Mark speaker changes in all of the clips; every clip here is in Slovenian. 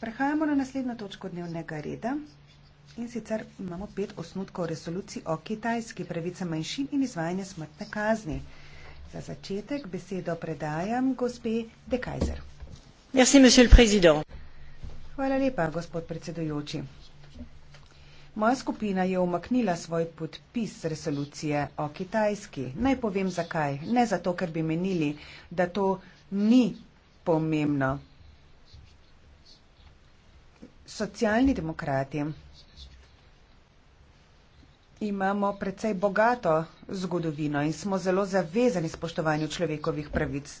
Speaker 1: Prehajamo na naslednjo točko dnevnega reda in sicer imamo pet osnutkov resolucij o kitajski pravici manjšin in izvajanju smrtne kazni. Za začetek besedo predajam gospe De Kajzer. Hvala lepa, gospod predsedujoči. Moja skupina je umaknila svoj podpis resolucije o kitajski. Naj povem zakaj. Ne zato, ker bi menili, da to ni pomembno socialni demokrati imamo precej bogato zgodovino in smo zelo zavezani spoštovanju človekovih pravic.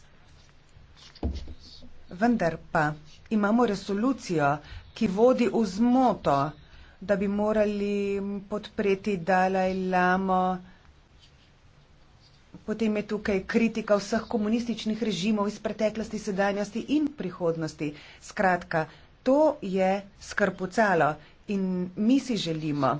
Speaker 1: Vendar pa imamo resolucijo, ki vodi v zmoto, da bi morali podpreti Dalaj Lamo. Potem je tukaj kritika vseh komunističnih režimov iz preteklosti, sedanjosti in prihodnosti. Skratka, To je skrpucalo in mi si želimo,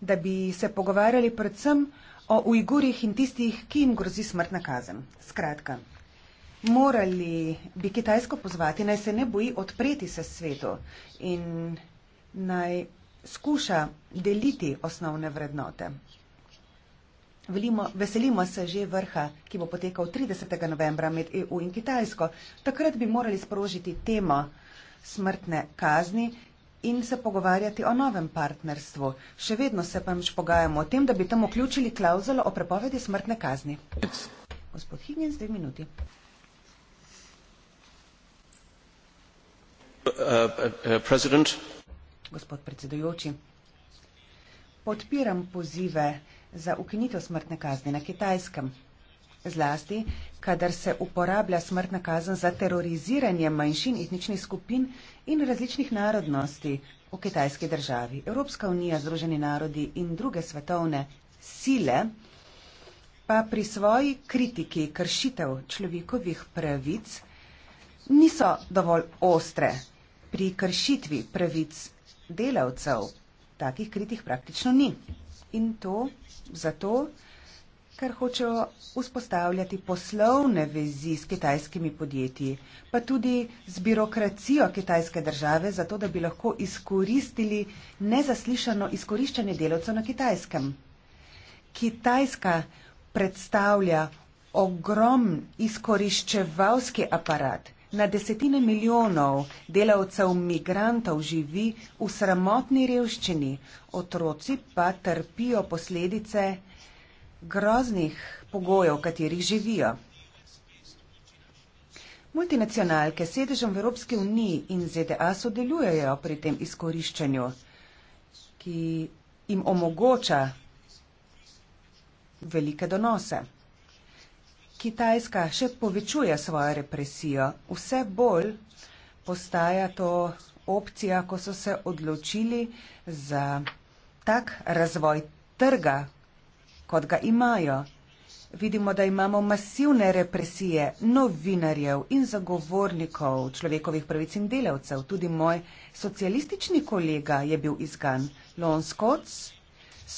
Speaker 1: da bi se pogovarjali predvsem o ujgurih in tistih, ki jim grozi smrtna kazen. Skratka, morali bi Kitajsko pozvati, naj se ne boji odpreti se svetu in naj skuša deliti osnovne vrednote. Velimo, veselimo se že vrha, ki bo potekal 30. novembra med EU in Kitajsko. Takrat bi morali sprožiti temo smrtne kazni in se pogovarjati o novem partnerstvu. Še vedno se pa mič pogajamo o tem, da bi tam vključili klauzulo o prepovedi smrtne kazni. Gospod Hinjen, dve minuti. Uh, uh, uh, Gospod predsedujoči, podpiram pozive za ukinitev smrtne kazni na kitajskem. Zlasti, kadar se uporablja smrtna kazen za teroriziranje manjšin etničnih skupin in različnih narodnosti v kitajski državi. Evropska unija, Združeni narodi in druge svetovne sile pa pri svoji kritiki kršitev človekovih pravic niso dovolj ostre. Pri kršitvi pravic delavcev takih kritik praktično ni in to zato, ker hočejo vzpostavljati poslovne vezi s kitajskimi podjetji, pa tudi z birokracijo kitajske države, zato da bi lahko izkoristili nezaslišano izkoriščanje delavcev na kitajskem. Kitajska predstavlja ogrom izkoriščevalski aparat, Na desetine milijonov delavcev migrantov živi v sramotni revščini, otroci pa trpijo posledice groznih pogojev, v katerih živijo. Multinacionalke s sedežem v Evropski uniji in ZDA sodelujejo pri tem izkoriščanju, ki jim omogoča velike donose. Kitajska še povečuje svojo represijo. Vse bolj postaja to opcija, ko so se odločili za tak razvoj trga, kot ga imajo. Vidimo, da imamo masivne represije novinarjev in zagovornikov človekovih pravic in delavcev. Tudi moj socialistični kolega je bil izgan. Lon Scott,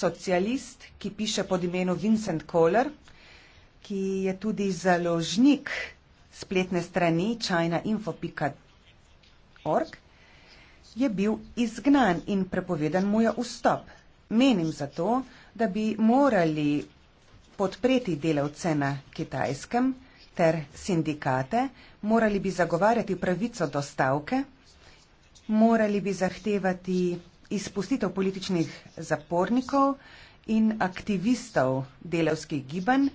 Speaker 1: socialist, ki piše pod imenom Vincent Kohler, ki je tudi založnik spletne strani chinainfo.org, je bil izgnan in prepovedan mu je vstop. Menim zato, da bi morali podpreti delavce na kitajskem ter sindikate, morali bi zagovarjati pravico do stavke, morali bi zahtevati izpustitev političnih zapornikov in aktivistov delavskih gibanj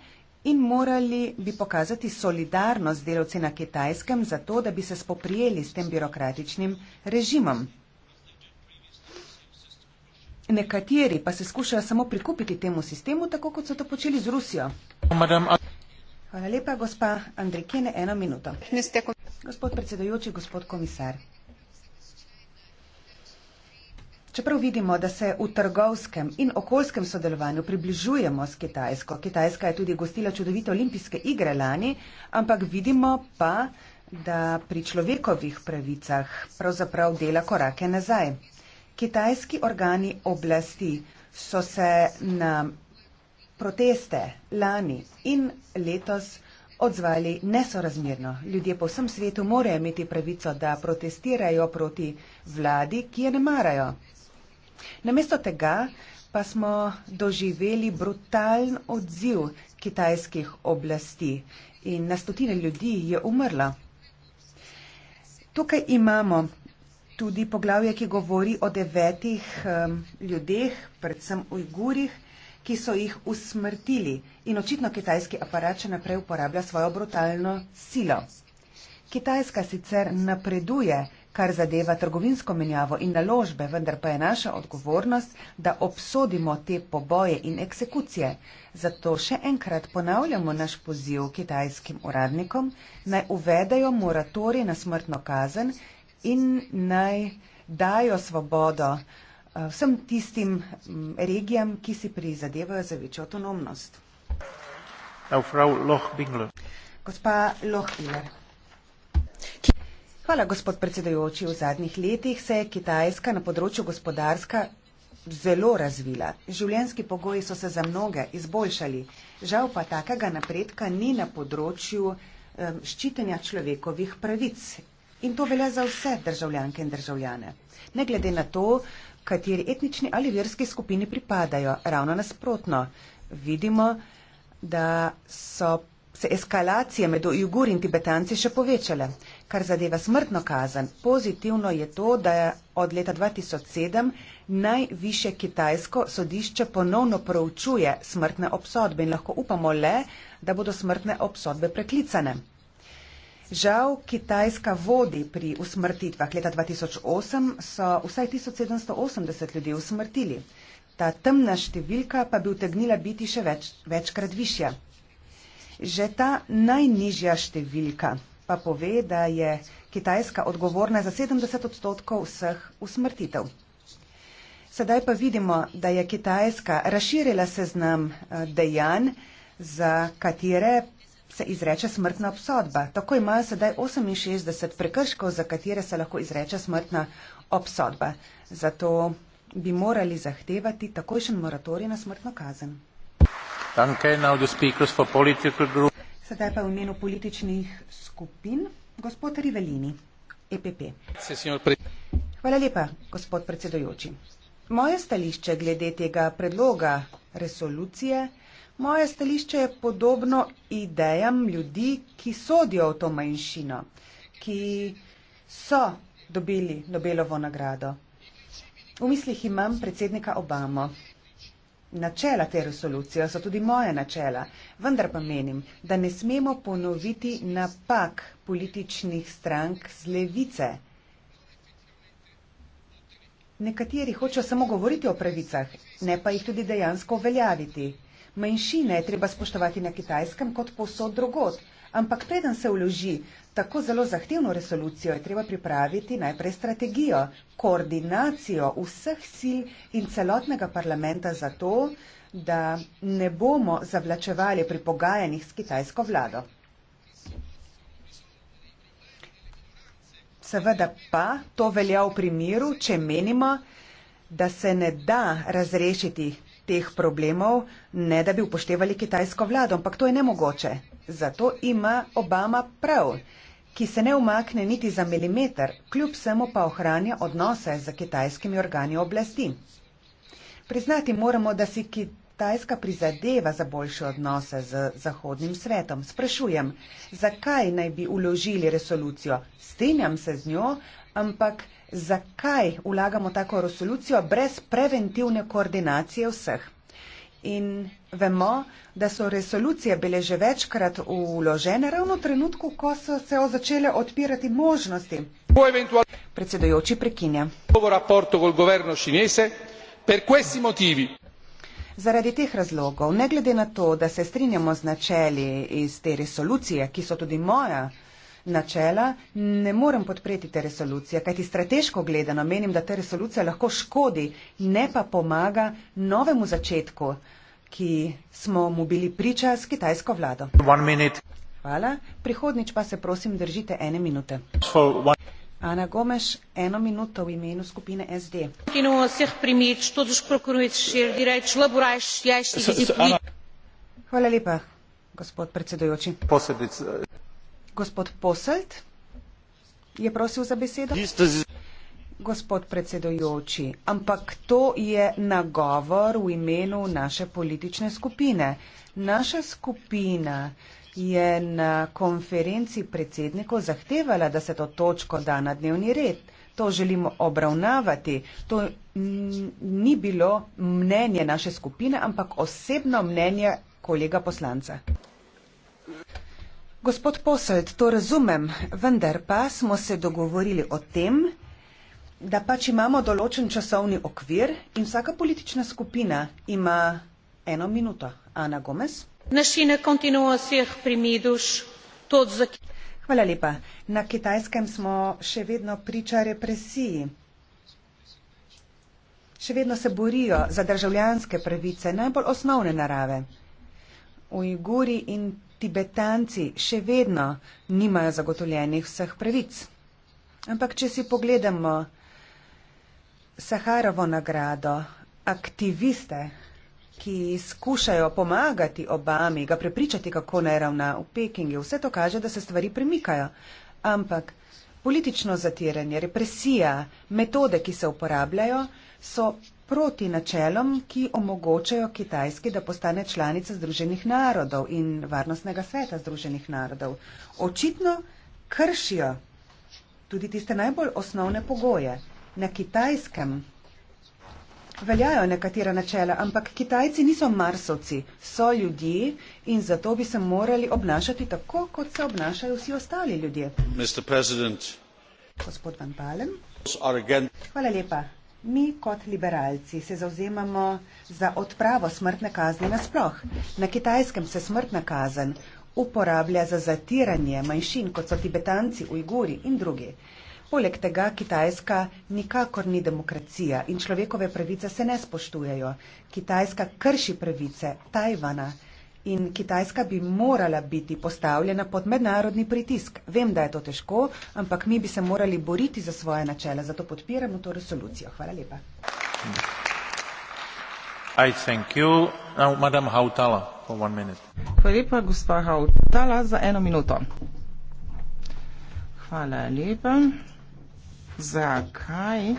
Speaker 1: in morali bi pokazati solidarnost z delavci na kitajskem, zato da bi se spoprijeli s tem birokratičnim režimom. Nekateri pa se skušajo samo prikupiti temu sistemu, tako kot so to počeli z Rusijo. Hvala lepa, gospa Andrikene, eno minuto. Gospod predsedujoči, gospod komisar. Čeprav vidimo, da se v trgovskem in okoljskem sodelovanju približujemo s Kitajsko, Kitajska je tudi gostila čudovite olimpijske igre lani, ampak vidimo pa, da pri človekovih pravicah pravzaprav dela korake nazaj. Kitajski organi oblasti so se na proteste lani in letos odzvali nesorazmerno. Ljudje po vsem svetu morajo imeti pravico, da protestirajo proti vladi, ki je ne marajo. Namesto tega pa smo doživeli brutalen odziv kitajskih oblasti in na stotine ljudi je umrlo. Tukaj imamo tudi poglavje, ki govori o devetih um, ljudeh, predvsem Ujgurih, ki so jih usmrtili in očitno kitajski aparat še naprej uporablja svojo brutalno silo. Kitajska sicer napreduje, kar zadeva trgovinsko menjavo in naložbe, vendar pa je naša odgovornost, da obsodimo te poboje in eksekucije. Zato še enkrat ponavljamo naš poziv kitajskim uradnikom, naj uvedajo moratori na smrtno kazen in naj dajo svobodo eh, vsem tistim mm, regijam, ki si prizadevajo za večjo autonomnost. Gospa Lohbingler. Hvala, gospod predsedujoči. V zadnjih letih se je Kitajska na področju gospodarska zelo razvila. Življenjski pogoji so se za mnoge izboljšali. Žal pa takega napredka ni na področju um, ščitenja človekovih pravic. In to velja za vse državljanke in državljane. Ne glede na to, kateri etnični ali verski skupini pripadajo. Ravno nasprotno. Vidimo, da so se eskalacije med Uiguri in Tibetanci še povečale kar zadeva smrtno kazen. Pozitivno je to, da je od leta 2007 najviše kitajsko sodišče ponovno proučuje smrtne obsodbe in lahko upamo le, da bodo smrtne obsodbe preklicane. Žal Kitajska vodi pri usmrtitvah. Leta 2008 so vsaj 1780 ljudi usmrtili. Ta temna številka pa bi utegnila biti še več, večkrat višja. Že ta najnižja številka pa pove, da je Kitajska odgovorna za 70 odstotkov vseh usmrtitev. Sedaj pa vidimo, da je Kitajska razširila seznam eh, dejanj, za katere se izreče smrtna obsodba. Tako ima sedaj 68 prekrškov, za katere se lahko izreče smrtna obsodba. Zato bi morali zahtevati takojšen moratorij na smrtno kazen.
Speaker 2: Thank you. Now the speakers for political group.
Speaker 1: Sedaj pa v imenu političnih skupin. Gospod Rivelini, EPP. Hvala lepa, gospod predsedojoči. Moje stališče glede tega predloga resolucije, moje stališče je podobno idejam ljudi, ki sodijo v to manjšino, ki so dobili Nobelovo nagrado. V mislih imam predsednika Obamo. Načela te resolucije so tudi moja načela, vendar pa menim, da ne smemo ponoviti napak političnih strank z levice. Nekateri hočejo samo govoriti o pravicah, ne pa jih tudi dejansko uveljaviti. Manjšine je treba spoštovati na kitajskem kot posod drugot. Ampak preden se vloži tako zelo zahtevno resolucijo, je treba pripraviti najprej strategijo, koordinacijo vseh sil in celotnega parlamenta za to, da ne bomo zavlačevali pri pogajanjih s kitajsko vlado. Seveda pa to velja v primeru, če menimo, da se ne da razrešiti teh problemov, ne da bi upoštevali kitajsko vlado, ampak to je nemogoče. Zato ima Obama prav, ki se ne umakne niti za milimeter, kljub vsemu pa ohranja odnose z kitajskimi organi oblasti. Priznati moramo, da si Kitajska prizadeva za boljše odnose z zahodnim svetom. Sprašujem, zakaj naj bi uložili resolucijo? Strinjam se z njo, ampak zakaj vlagamo tako resolucijo brez preventivne koordinacije vseh. In vemo, da so resolucije bile že večkrat uložene ravno v trenutku, ko so se začele odpirati možnosti. Predsedujoči prekinja. Zaradi teh razlogov, ne glede na to, da se strinjamo z načeli iz te resolucije, ki so tudi moja načela ne morem podpreti te resolucije, kajti strateško gledano menim, da ta resolucija lahko škodi, ne pa pomaga novemu začetku, ki smo mu bili priča s kitajsko vlado. Hvala. Prihodnič pa se prosim držite ene minute. Ana Gomes, eno minuto v imenu skupine SD. E Hvala lepa, gospod predsedujoči. Posebice. Gospod Poselt je prosil za besedo. Gospod predsedojoči, ampak to je nagovor v imenu naše politične skupine. Naša skupina je na konferenci predsednikov zahtevala, da se to točko da na dnevni red. To želimo obravnavati. To ni bilo mnenje naše skupine, ampak osebno mnenje kolega poslanca. Gospod Poselt, to razumem, vendar pa smo se dogovorili o tem, da pač imamo določen časovni okvir in vsaka politična skupina ima eno minuto. Ana Gomez. Hvala lepa. Na kitajskem smo še vedno priča represiji. Še vedno se borijo za državljanske pravice, najbolj osnovne narave. Ujguri in Tibetanci še vedno nimajo zagotovljenih vseh pravic. Ampak, če si pogledamo Saharovo nagrado, aktiviste, ki skušajo pomagati Obami, ga prepričati, kako naj ravna v Pekingu, vse to kaže, da se stvari premikajo. Ampak politično zatiranje, represija, metode, ki se uporabljajo, so proti načelom, ki omogočajo Kitajski, da postane članica Združenih narodov in Varnostnega sveta Združenih narodov. Očitno kršijo tudi tiste najbolj osnovne pogoje. Na Kitajskem veljajo nekatera načela, ampak Kitajci niso marsovci, so ljudje in zato bi se morali obnašati tako, kot se obnašajo vsi ostali ljudje. Gospod Van Palen. Hvala lepa. Mi kot liberalci se zauzemamo za odpravo smrtne kazni nasploh. Na kitajskem se smrtna kazen uporablja za zatiranje manjšin, kot so tibetanci, ujguri in drugi. Poleg tega Kitajska nikakor ni demokracija in človekove pravice se ne spoštujejo. Kitajska krši pravice Tajvana in Kitajska bi morala biti postavljena pod mednarodni pritisk. Vem, da je to težko, ampak mi bi se morali boriti za svoje načele, zato podpiramo to resolucijo. Hvala lepa.
Speaker 2: Hvala lepa, gospa Hautala, za eno minuto. Hvala lepa. Zakaj?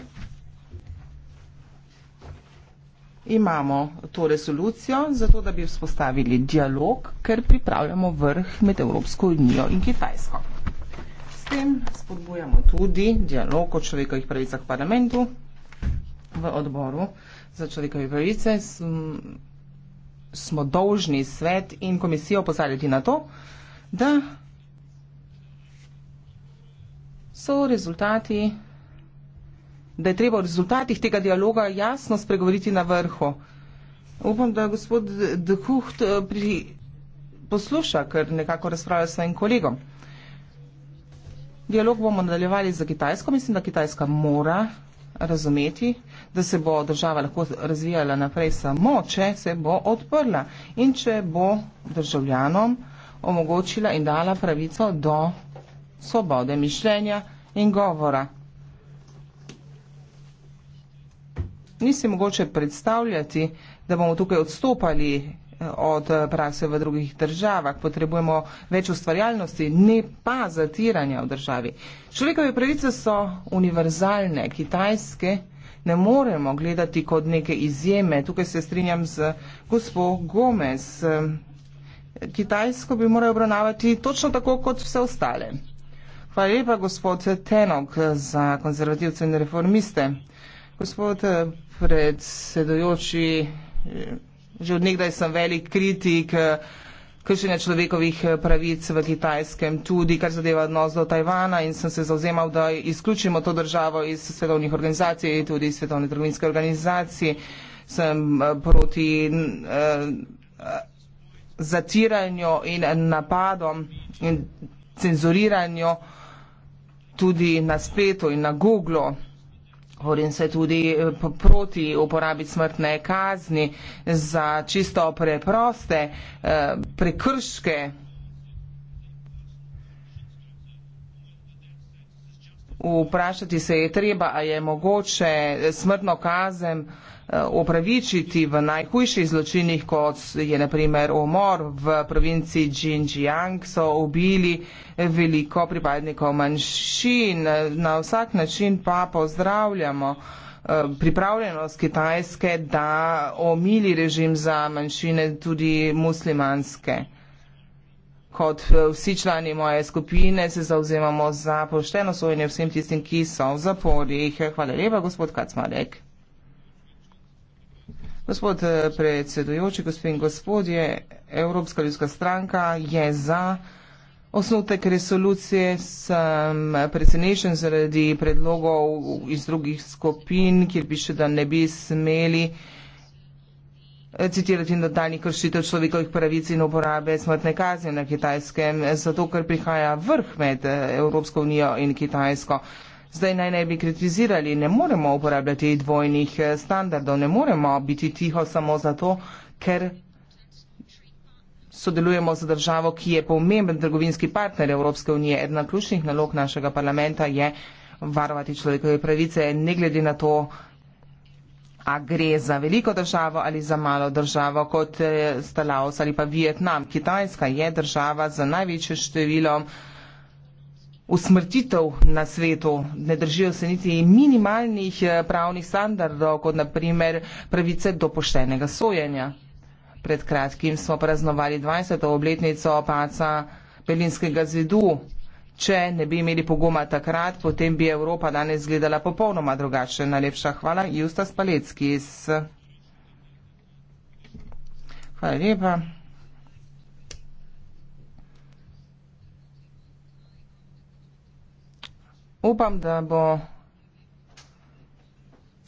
Speaker 2: imamo to resolucijo, zato da bi vzpostavili dialog, ker pripravljamo vrh med Evropsko unijo in Kitajsko. S tem spodbujamo tudi dialog o človekovih pravicah v parlamentu, v odboru za človekove pravice smo dolžni svet in komisijo pozarjati na to, da so rezultati da je treba o rezultatih tega dialoga jasno spregovoriti na vrhu. Upam, da gospod Dehucht eh, posluša, ker nekako razpravlja s svojim kolegom. Dialog bomo nadaljevali za Kitajsko. Mislim, da Kitajska mora razumeti, da se bo država lahko razvijala naprej samo, če se bo odprla in če bo državljanom omogočila in dala pravico do svobode mišljenja in govora. ni si mogoče predstavljati, da bomo tukaj odstopali eh, od eh, prakse v drugih državah. Potrebujemo več ustvarjalnosti, ne pa zatiranja v državi. Človekove pravice so univerzalne, kitajske. Ne moremo gledati kot neke izjeme. Tukaj se strinjam z gospo Gomez. Eh, Kitajsko bi morali obravnavati točno tako kot vse ostale. Hvala lepa, gospod Tenok, za konzervativce in reformiste. Gospod predsedujoči, že odnegdaj sem velik kritik kršenja človekovih eh, pravic v Kitajskem, tudi kar zadeva odnos do Tajvana in sem se zauzemal, da izključimo to državo iz svetovnih organizacij, tudi iz svetovne trgovinske organizacije. Sem eh, proti eh, zatiranju in napadom in cenzuriranju tudi na spletu in na Google. -u. Borim se tudi eh, proti uporabi smrtne kazni za čisto preproste eh, prekrške Vprašati se je treba, a je mogoče smrtno kazen eh, opravičiti v najhujših zločinih, kot je naprimer umor v provinci Xinjiang, so ubili veliko pripadnikov manjšin. Na vsak način pa pozdravljamo eh, pripravljenost Kitajske, da omili režim za manjšine, tudi muslimanske kot eh, vsi člani moje skupine se zauzemamo za pošteno sojenje vsem tistim, ki so v zaporih. Hvala lepa, gospod Kacmarek. Gospod eh, predsedujoči, gospod in gospodje, Evropska ljudska stranka je za osnutek resolucije, sem presenečen zaradi predlogov iz drugih skupin, kjer piše, da ne bi smeli uh, Eh, citirati nadaljnih kršitev človekovih pravic in uporabe smrtne kazni na kitajskem, eh, zato ker prihaja vrh med eh, Evropsko unijo in Kitajsko. Zdaj naj ne bi kritizirali, ne moremo uporabljati dvojnih standardov, ne moremo biti tiho samo zato, ker sodelujemo z državo, ki je pomemben trgovinski partner Evropske unije. Edna ključnih nalog našega parlamenta je varovati človekove pravice, ne glede na to, A gre za veliko državo ali za malo državo, kot eh, sta Laos ali pa Vietnam. Kitajska je država za največje število usmrtitev na svetu. Ne držijo se niti minimalnih eh, pravnih standardov, kot naprimer pravice do poštenega sojenja. Pred kratkim smo praznovali 20. obletnico opaca Berlinskega zidu. Če ne bi imeli poguma takrat, potem bi Evropa danes izgledala popolnoma drugače. Najlepša hvala, Justa Spalecki. Iz... Hvala lepa. Upam, da bo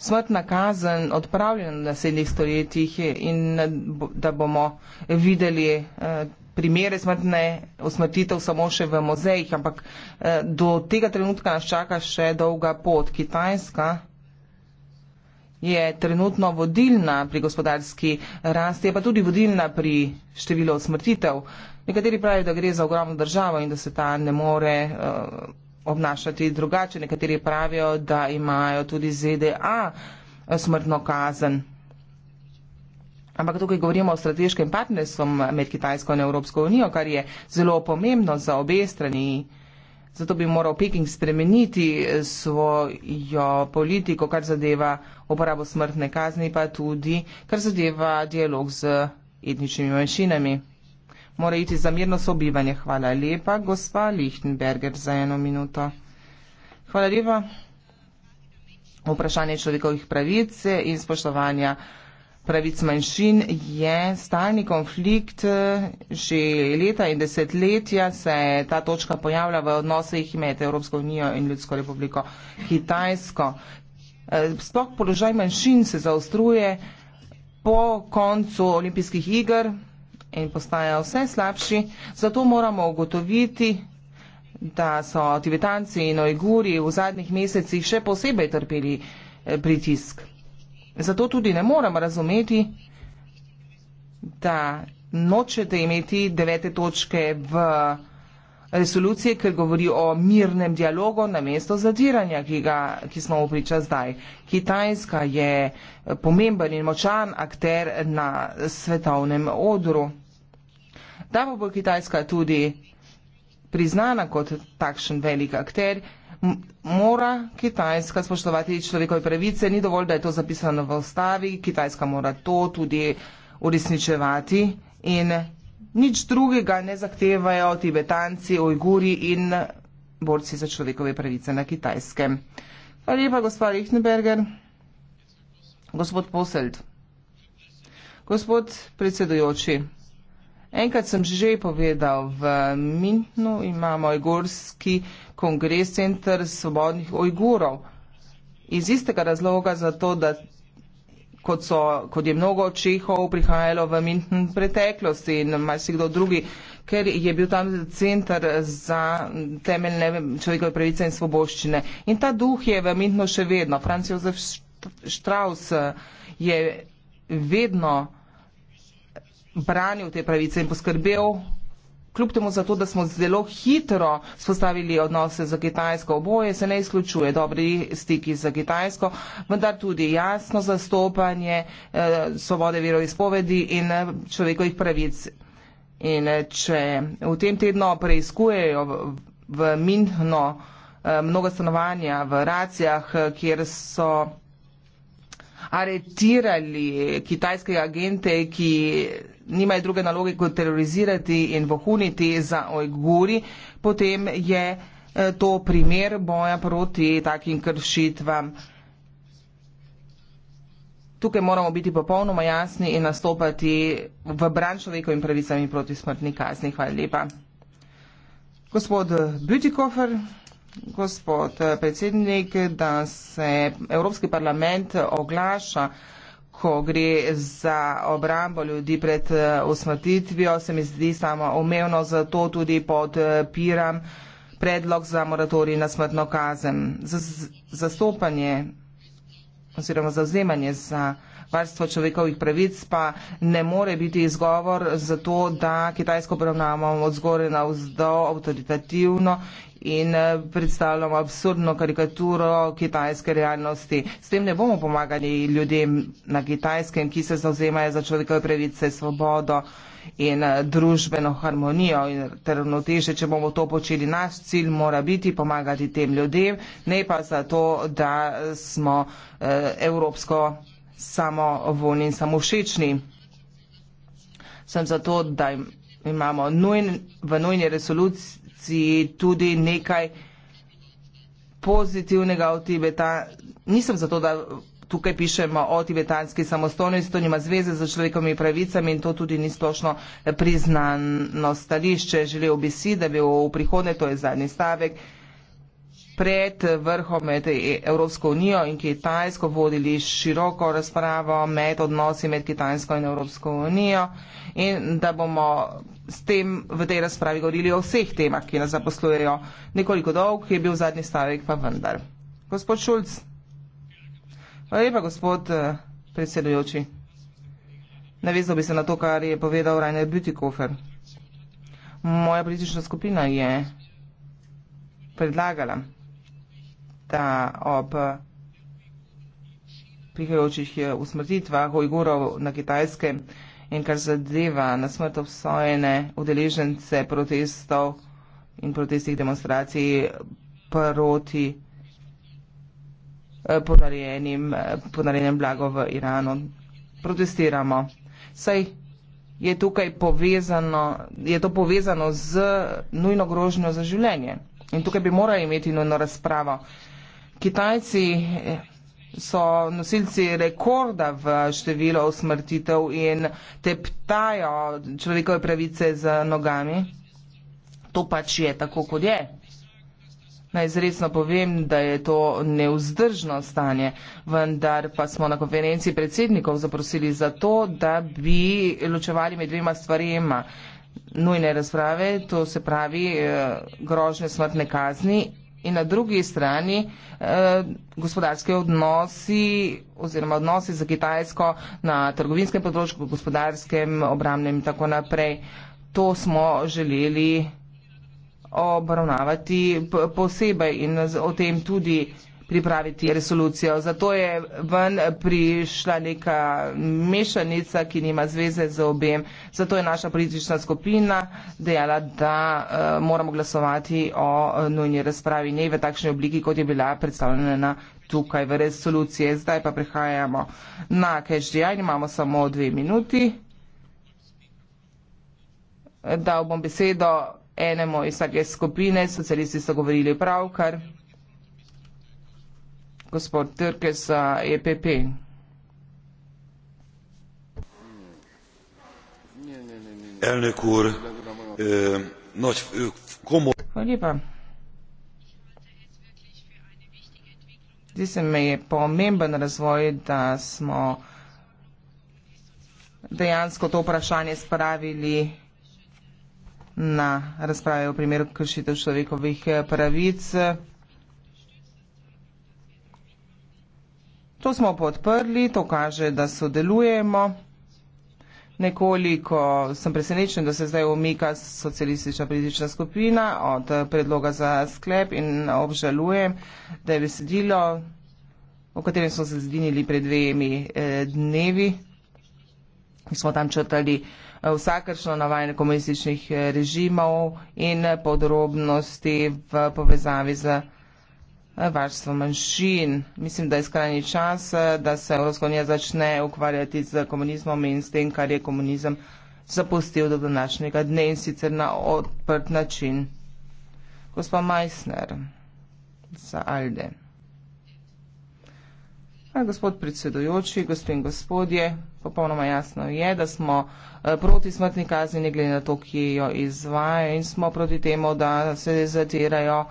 Speaker 2: smrtna kazen odpravljena v naslednjih stoletjih in da bomo videli eh, primere smrtne usmrtitev samo še v muzejih, ampak eh, do tega trenutka nas čaka še dolga pot. Kitajska je trenutno vodilna pri gospodarski rasti, je pa tudi vodilna pri številu usmrtitev. Nekateri pravijo, da gre za ogromno državo in da se ta ne more uh, obnašati drugače. Nekateri pravijo, da imajo tudi ZDA smrtno kazen. Ampak tukaj govorimo o strateškem partnerstvu med Kitajsko in Evropsko unijo, kar je zelo pomembno za obe strani. Zato bi moral Peking spremeniti svojo politiko, kar zadeva uporabo smrtne kazni, pa tudi kar zadeva dialog z etničnimi manjšinami mora iti za mirno sobivanje. Hvala lepa, gospa Lichtenberger, za eno minuto. Hvala lepa. Vprašanje človekovih pravic in spoštovanja pravic manjšin je stalni konflikt. Eh, že leta in desetletja se ta točka pojavlja v odnosih med Evropsko unijo in Ljudsko republiko Kitajsko. Eh, sploh položaj manjšin se zaostruje po koncu olimpijskih igr, in postajajo vse slabši, zato moramo ugotoviti, da so tibetanci in ojguri v zadnjih mesecih še posebej trpeli eh, pritisk. Zato tudi ne moram razumeti, da nočete imeti devete točke v resoluciji, ker govori o mirnem dialogu na mesto zadiranja, ki, ga, ki smo v priča zdaj. Kitajska je pomemben in močan akter na svetovnem odru. Da pa bo Kitajska tudi priznana kot takšen velik akter, mora Kitajska spoštovati človekove pravice. Ni dovolj, da je to zapisano v ustavi, Kitajska mora to tudi uresničevati in nič drugega ne zahtevajo tibetanci, ojguri in borci za človekove pravice na Kitajskem. Hvala lepa, gospod Lichtenberger. Gospod Poselt. Gospod predsedujoči. Enkrat sem že povedal, v Mintnu imamo ojgurski kongres center svobodnih ojgurov. Iz istega razloga zato, da kot, so, kot je mnogo čehov prihajalo v Mintn preteklosti in marsikdo drugi, ker je bil tam center za temeljne človekove pravice in svoboščine. In ta duh je v Mintnu še vedno. Franz Josef Strauss je vedno branil te pravice in poskrbel kljub temu zato, da smo zelo hitro spostavili odnose za Kitajsko. Oboje se ne izključuje dobri stiki za Kitajsko, vendar tudi jasno zastopanje eh, svobode veroizpovedi in eh, človekovih pravic. In eh, če v tem tednu preizkujejo v Minhno eh, mnoga stanovanja v racijah, kjer so aretirali kitajske agente, ki nimajo druge naloge kot terorizirati in vohuniti za ojguri, potem je eh, to primer boja proti takim kršitvam. Tukaj moramo biti popolnoma jasni in nastopati v bran človekovim pravicami proti smrtni kazni. Hvala lepa. Gospod Bütikofer gospod predsednik, da se Evropski parlament oglaša, ko gre za obrambo ljudi pred uh, usmrtitvijo, se mi zdi samo omejeno, zato tudi podpiram predlog za moratorij na smrtno kazen. Zastopanje oziroma zavzemanje za varstvo človekovih pravic pa ne more biti izgovor za to, da Kitajsko obravnavamo od zgore na vzdo avtoritativno in eh, predstavljamo absurdno karikaturo kitajske realnosti. S tem ne bomo pomagali ljudem na kitajskem, ki se zauzemajo za človekove pravice, svobodo in eh, družbeno harmonijo in ravnoteže, če bomo to počeli. Naš cilj mora biti pomagati tem ljudem, ne pa zato, da smo eh, evropsko samovoljni in samošečni. Sem zato, da imamo nujn, v nujni resoluciji si tudi nekaj pozitivnega o Tibetanu. Nisem zato, da tukaj pišemo o tibetanski samostojnosti, to nima zveze z človekovimi pravicami in to tudi ni splošno priznano stališče. Želel bi si, da bi v prihodnje, to je zadnji stavek, pred vrhom med Evropsko unijo in Kitajsko vodili široko razpravo med odnosi med Kitajsko in Evropsko unijo in da bomo s tem v tej razpravi govorili o vseh temah, ki nas zaposlujejo. Nekoliko dolg je bil zadnji stavek, pa vendar. Gospod Šulc. Hvala lepa, gospod eh, predsedujoči. Navezal bi se na to, kar je povedal Rainer Bütikofer. Moja politična skupina je predlagala da ob prihajajočih eh, usmrtitvah ojgurov na kitajskem in kar zadeva na smrt obsojene udeležence protestov in protestnih demonstracij proti eh, eh, ponarejenem blago v Iranu. Protestiramo. Saj je tukaj povezano, je to povezano z nujno grožnjo za življenje. In tukaj bi morali imeti nujno razpravo. Kitajci eh, so nosilci rekorda v število usmrtitev in teptajo človekove pravice z nogami. To pač je tako, kot je. Naj zresno povem, da je to neuzdržno stanje, vendar pa smo na konferenci predsednikov zaprosili za to, da bi ločevali med dvema stvarema nujne razprave, to se pravi eh, grožne smrtne kazni in na drugi strani eh, gospodarski odnosi oziroma odnosi za Kitajsko na trgovinskem področju, gospodarskem, obramnem in tako naprej. To smo želeli obravnavati posebej in o tem tudi pripraviti resolucijo. Zato je ven prišla neka mešanica, ki nima zveze z obem. Zato je naša politična skupina dejala, da uh, moramo glasovati o eh, nujni razpravi, ne v takšni obliki, kot je bila predstavljena tukaj v resoluciji. Zdaj pa prihajamo na KHDI in imamo samo dve minuti. Dal bom besedo enemu iz vsake skupine, socialisti so govorili pravkar gospod Trke za EPP.
Speaker 1: Elnök úr, eh, nagy komoly... Hogy
Speaker 2: éppen? Zdiszem, mely pomemben razvoj, da smo dejansko to vprašanje spravili na razprave v primeru kršitev človekovih pravic. To smo podprli, to kaže, da sodelujemo. Nekoliko sem presenečen, da se zdaj omika socialistična politična skupina od predloga za sklep in obžalujem, da je besedilo, o katerem smo se zdinili pred dvemi eh, dnevi, ki smo tam črtali eh, vsakršno navajanje komunističnih eh, režimov in podrobnosti v povezavi z varstvo manjšin. Mislim, da je skrajni čas, da se Evropska unija začne ukvarjati z komunizmom in s tem, kar je komunizem zapustil do današnjega dne in sicer na odprt način. Gospa Meissner za Alde. A gospod predsedujoči, gospod in gospodje, popolnoma jasno je, da smo eh, proti smrtni kazni, ne glede na to, ki jo izvajo in smo proti temu, da se zatirajo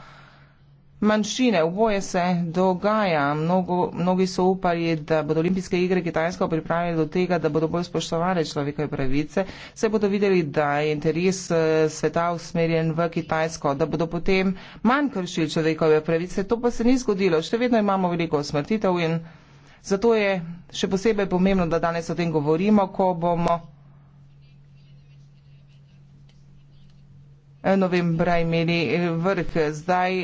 Speaker 2: manjšine. Oboje se dogaja. Mnogo, mnogi so upali, da bodo olimpijske igre Kitajsko pripravili do tega, da bodo bolj spoštovali človekove pravice. Se bodo videli, da je interes eh, sveta usmerjen v Kitajsko, da bodo potem manj kršili človekove pravice. To pa se ni zgodilo. Še vedno imamo veliko smrtitev in zato je še posebej pomembno, da danes o tem govorimo, ko bomo. Eh, novembra imeli eh, vrh. Zdaj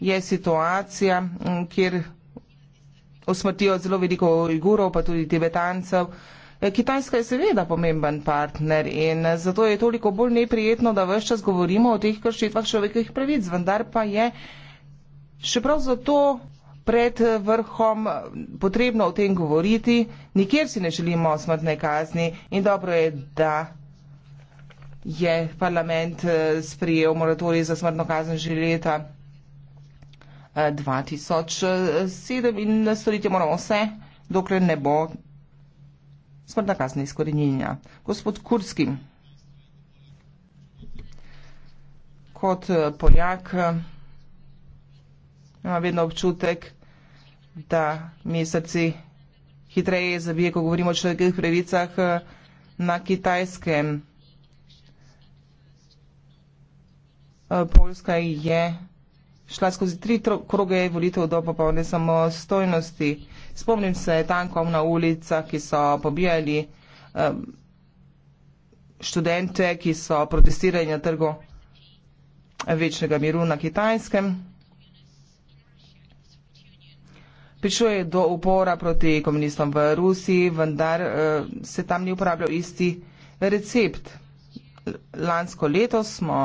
Speaker 2: je situacija, kjer osmrtijo zelo veliko Ujgurov, pa tudi Tibetancev. E, Kitajska je seveda pomemben partner in zato je toliko bolj neprijetno, da vse čas govorimo o teh kršitvah človekovih pravic, vendar pa je še prav zato pred vrhom potrebno o tem govoriti. Nikjer si ne želimo smrtne kazni in dobro je, da je parlament e, sprijel moratorij za smrtno kazen že leta 2007 in storiti moramo vse, dokler ne bo smrtna kazna izkorenjenja. Gospod Kurski, kot eh, Poljak, eh, imam vedno občutek, da meseci hitreje zabije, ko govorimo o človekovih pravicah eh, na kitajskem. Poljska je šla skozi tri kroge volitev do popolne samostojnosti. Spomnim se tankom na ulicah, ki so pobijali um, študente, ki so protestirali na trgu večnega miru na kitajskem. Prišlo je do upora proti komunistom v Rusiji, vendar uh, se tam ni uporabljal isti recept. Lansko leto smo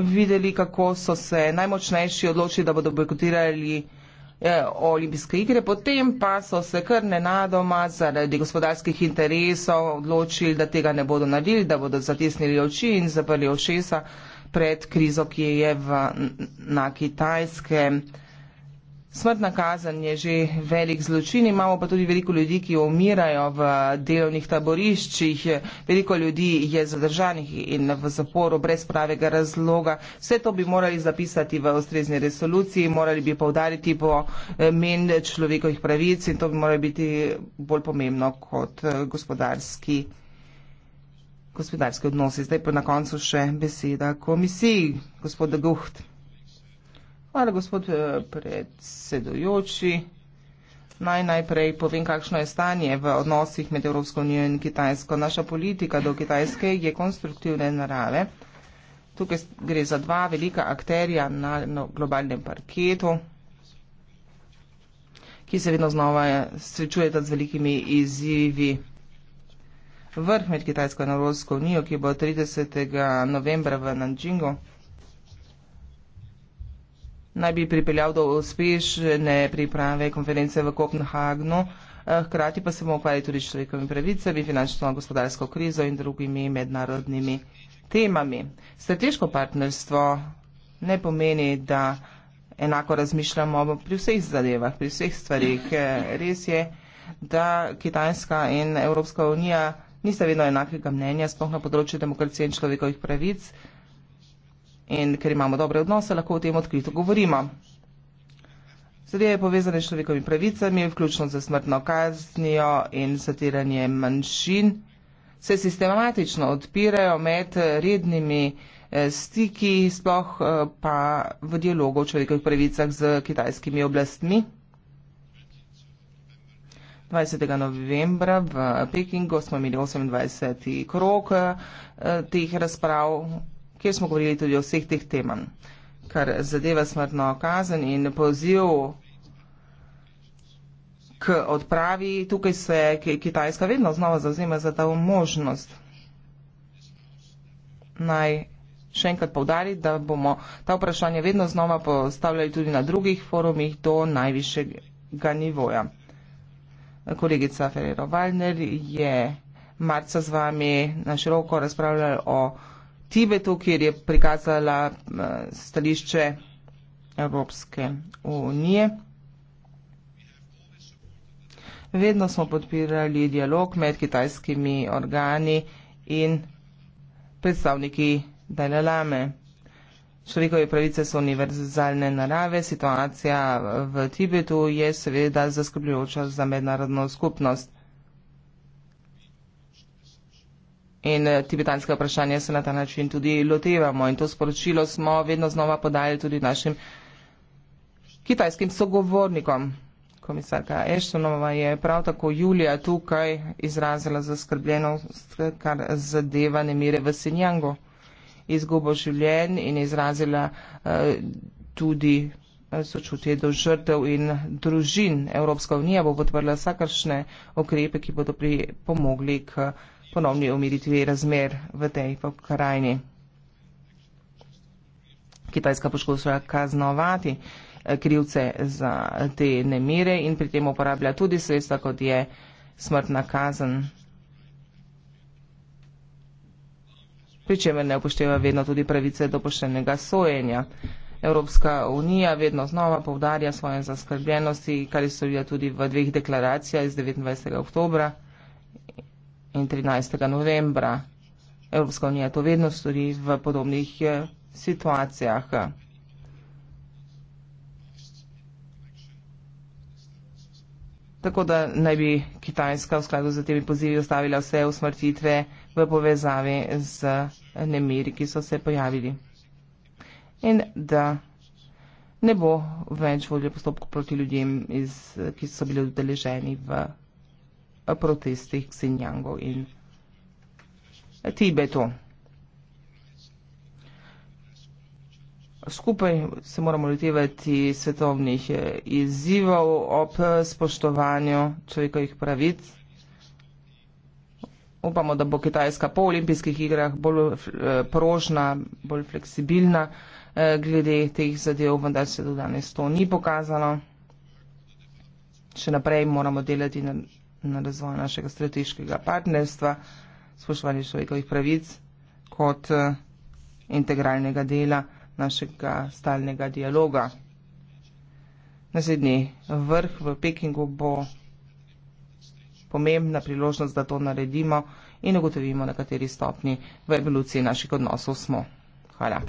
Speaker 2: videli, kako so se najmočnejši odločili, da bodo bojkotirali eh, olimpijske igre, potem pa so se kar nenadoma zaradi gospodarskih interesov odločili, da tega ne bodo naredili, da bodo zatisnili oči in zaprli ošesa pred krizo, ki je v, na kitajskem. Smrtna kazen je že velik zločin, imamo pa tudi veliko ljudi, ki umirajo v delovnih taboriščih, veliko ljudi je zadržanih in v zaporu brez pravega razloga. Vse to bi morali zapisati v ustrezni resoluciji, morali bi povdariti po eh, men človekovih pravic in to bi moralo biti bolj pomembno kot eh, gospodarski gospodarske odnose. Zdaj pa na koncu še beseda komisiji, gospod Guht. Hvala, gospod eh, predsedujoči. Naj najprej povem, kakšno je stanje v odnosih med Evropsko unijo in Kitajsko. Naša politika do Kitajske je konstruktivne narave. Tukaj gre za dva velika akterja na globalnem parketu, ki se vedno znova eh, srečujeta z velikimi izzivi. Vrh med Kitajsko in Evropsko unijo, ki bo 30. novembra v Nanjingu naj bi pripeljal do uspešne priprave konference v Kopenhagnu, eh, hkrati pa se bomo ukvarjali tudi s človekovimi pravicami, finančno gospodarsko krizo in drugimi mednarodnimi temami. Strateško partnerstvo ne pomeni, da enako razmišljamo pri vseh zadevah, pri vseh stvarih. Eh, res je, da Kitajska in Evropska unija nista vedno enakega mnenja, spohna področju demokracije in človekovih pravic. In ker imamo dobre odnose, lahko o tem odkrito govorimo. Zadeve povezane s človekovimi pravicami, vključno z smrtno kaznijo in satiranjem manjšin, se sistematično odpirajo med rednimi eh, stiki, sploh eh, pa v dialogu o človekovih pravicah z kitajskimi oblastmi. 20. novembra v Pekingu smo imeli 28. krok eh, teh razprav kjer smo govorili tudi o vseh teh temah, kar zadeva smrtno kazen in poziv k odpravi. Tukaj se Kitajska vedno znova zauzema za ta možnost. Naj še enkrat povdari, da bomo ta vprašanja vedno znova postavljali tudi na drugih forumih do najvišjega nivoja. Kolegica Ferrero Valner je marca z vami na široko razpravljala o Tibetu, kjer je prikazala eh, stališče Evropske unije. Vedno smo podpirali dialog med kitajskimi organi in predstavniki Dalajlame. Človekove pravice so univerzalne narave, situacija v Tibetu je seveda zaskrbljujoča za mednarodno skupnost. In eh, tibetanske vprašanje se na ta način tudi lotevamo. In to sporočilo smo vedno znova podali tudi našim kitajskim sogovornikom. Komisarka Eštonova je prav tako julija tukaj izrazila zaskrbljenost, kar zadeva nemire v Sinjangu, izgubo življenj in izrazila uh, tudi eh, sočutje do žrtev in družin. Evropska unija bo podprla vsakršne okrepe, ki bodo pripomogli k. Uh, ponovni umiritvi razmer v tej pokrajini. Kitajska poskušala kaznovati eh, krivce za te nemire in pri tem uporablja tudi sredstva, kot je smrtna kazen. Pričemer ne upošteva vedno tudi pravice do poštenega sojenja. Evropska unija vedno znova povdarja svoje zaskrbljenosti, kar je storila tudi v dveh deklaracijah iz 29. oktobra in 13. novembra. Evropska unija to vedno stori v podobnih eh, situacijah. Tako da naj bi Kitajska v skladu z temi pozivi ostavila vse usmrtitve v povezavi z eh, nemiri, ki so se pojavili. In da ne bo več vodil postopkov proti ljudem, iz, eh, ki so bili udeleženi v protestih v Xinjiangu in Tibetu. Skupaj se moramo lotevati svetovnih eh, izzivov ob spoštovanju človekovih pravic. Upamo, da bo Kitajska po olimpijskih igrah bolj eh, prožna, bolj fleksibilna eh, glede teh zadev, vendar se do danes to ni pokazalo. Še naprej moramo delati na na razvoj našega strateškega partnerstva, spoštovanje človekovih pravic kot eh, integralnega dela našega stalnega dialoga. Naslednji vrh v Pekingu bo pomembna priložnost, da to naredimo in ugotovimo, na kateri stopni v evoluciji naših odnosov smo. Hvala.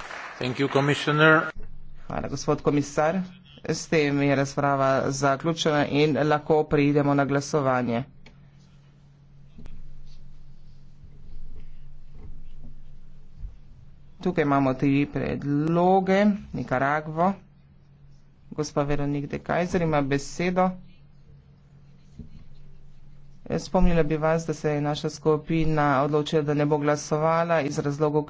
Speaker 2: Hvala, gospod komisar. S tem je razprava zaključena in lahko prijdemo na glasovanje. Tukaj imamo tri predloge, Nikaragvo. Gospa Veronik de Kajzer ima besedo. Spomnila bi vas, da se je naša skupina odločila, da ne bo glasovala iz razlogov, ki